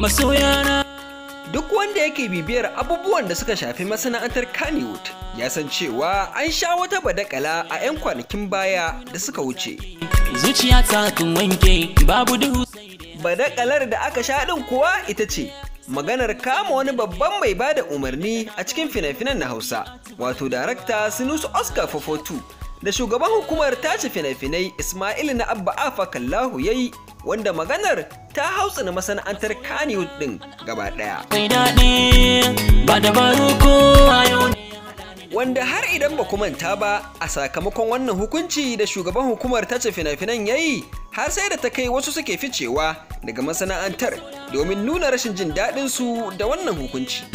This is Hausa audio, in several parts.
masoyana duk wanda yake bibiyar abubuwan da suka shafi masana'antar Kannywood ya san cewa an sha wata badakala a 'yan kwanakin baya da suka wuce. Zuciya Badakalar da aka sha ɗin kuwa ita ce maganar kama wani babban mai bada umarni a cikin fina-finan na Hausa wato darakta Sinus Oscar Fofotu da shugaban hukumar tace fina-finai Ismail na Abba Afa Kallahu ya yi wanda maganar ta hausa na masana'antar Kannywood ɗin gaba ɗaya. Wanda har idan ba manta ba a sakamakon wannan hukunci da shugaban hukumar tace fina-finan ya yi har sai da ta kai wasu suke ficewa daga masana'antar domin nuna rashin jin daɗin su da wannan hukunci.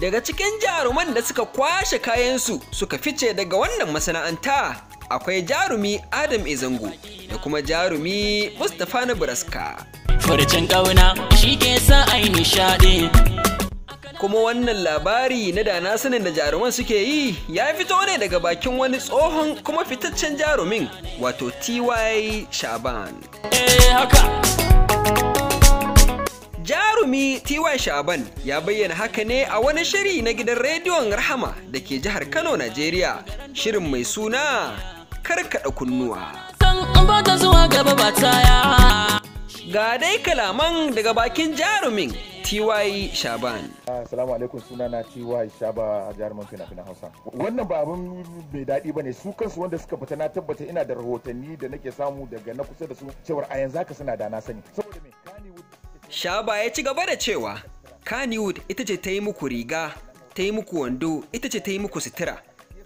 daga cikin jaruman da suka kwashe kayansu suka fice daga wannan masana'anta akwai jarumi adam izango da kuma jarumi mustapha na buraska furcin ƙauna shi ke sa nishaɗi kuma wannan labari na da na sanin da jaruman suke yi ya fito ne daga bakin wani tsohon kuma fitaccen jarumin wato ty shaban eh jarumi ty shaban ya bayyana haka ne a wani shiri na gidan rediyon Rahama da ke jihar Kano, Najeriya. Shirin mai suna karkada kunnuwa. Ga dai kalaman daga bakin jarumin TY Shaban. Assalamu alaikum suna na TY Shaba a jaruman fina-finan Hausa. Wannan ba abin mai daɗi ba ne su kansu wanda suka fita na tabbata ina da rahotanni da nake samu daga na kusa da su cewar a yanzu haka suna da na sani. Shaba ya ci gaba da cewa, Kannywood ita ce ta yi muku riga, ta yi muku wando, ita ce ta yi muku sitira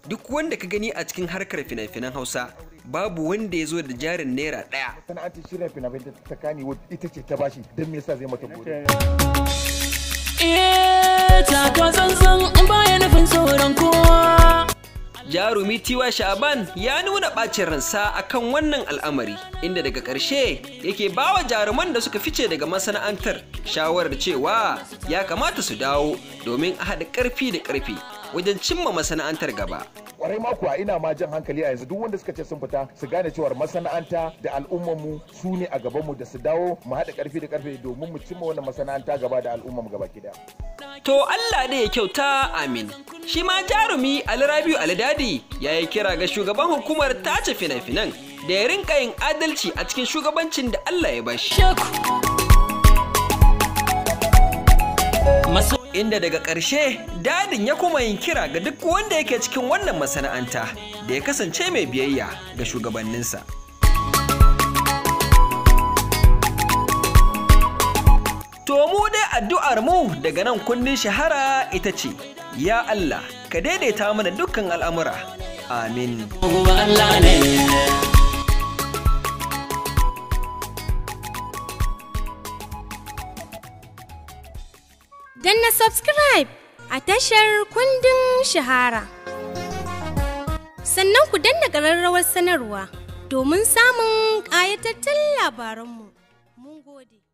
Duk wanda ka gani a cikin harkar fina-finan Hausa, babu wanda ya zo da jarin naira ɗaya. Sana'atar shirya fina ta Kannywood ita ce ta bashi, don me yasa zai mata gobe. jarumi tiwa shaban ya nuna ɓacin ransa a kan wannan al'amari inda daga ƙarshe yake bawa jaruman da suka fice daga masana'antar shawarar cewa ya kamata su dawo domin a haɗa ƙarfi da ƙarfi wajen cimma masana'antar gaba kwarai ma kuwa ina ma jan hankali a yanzu duk wanda suka ce sun fita su gane cewar masana'anta da al'ummarmu su ne a gabanmu da su dawo mu haɗa ƙarfi da ƙarfe domin mu cimma wannan masana'anta gaba da al'ummarmu gaba kida. To Allah da ya kyauta amin. shi ma jarumi alrabiu aladadi ya yi kira ga shugaban hukumar tace fina-finan da ya rinka yin adalci a cikin shugabancin da allah ya bashi inda daga ƙarshe dadin ya kuma yin kira ga duk wanda yake cikin wannan masana'anta da ya kasance mai biyayya ga shugabanninsa addu'ar mu daga nan kundin shahara ita ce, Ya Allah, ka daidaita mana dukkan al'amura. Amin. Danna subscribe a tashar kundin shahara. Sannan ku danna ƙararrawar sanarwa domin samun ƙayatattun labaranmu. Mun gode.